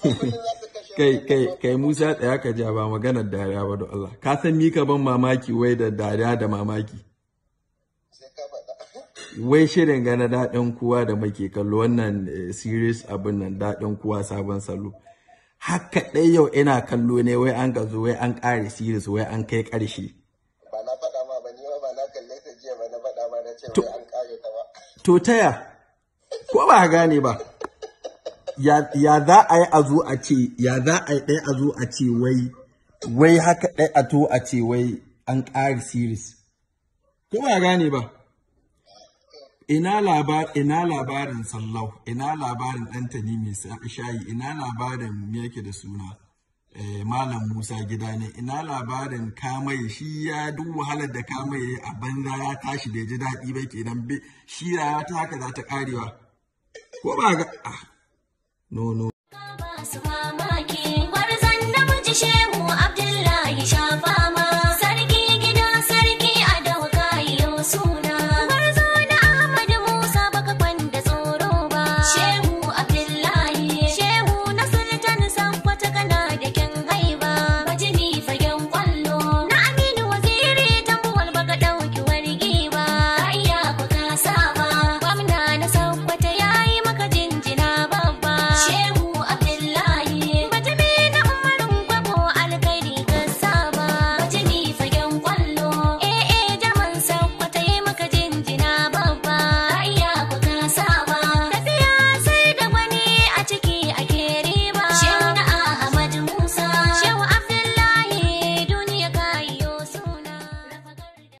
kai kai kai Musa tsaya ka ja ba maganar dariya ba da Allah ka san ni ka ban mamaki wai da dariya da mamaki wai shirin gana daɗin kuwa da muke kallo wannan eh, series abin nan daɗin kuwa sabon salo haka ɗai yau ina kallo ne wai an gazo wai an ƙare series wai an kai ƙarshe ba na faɗa ma ba ni ba na kalle ta jiya ba na faɗa ma na ce wai an ƙare ta ba to taya ko ba gane ba ya za a yi a zo a ce ya za a yi ɗaya a zo a ce wai wai haka ɗaya a to a ce wai an ƙari series ko ba gane ba ina labar ina labarin sallau ina labarin tani mai shayi ina labarin Meke yake da suna eh, malam musa gida ne ina labarin kamai shi ya duk wahalar da kamai ya a banza ya tashi da ya ji daɗi ba kenan shi ya ta haka za ta ƙarewa ko ba ga ah, No, no,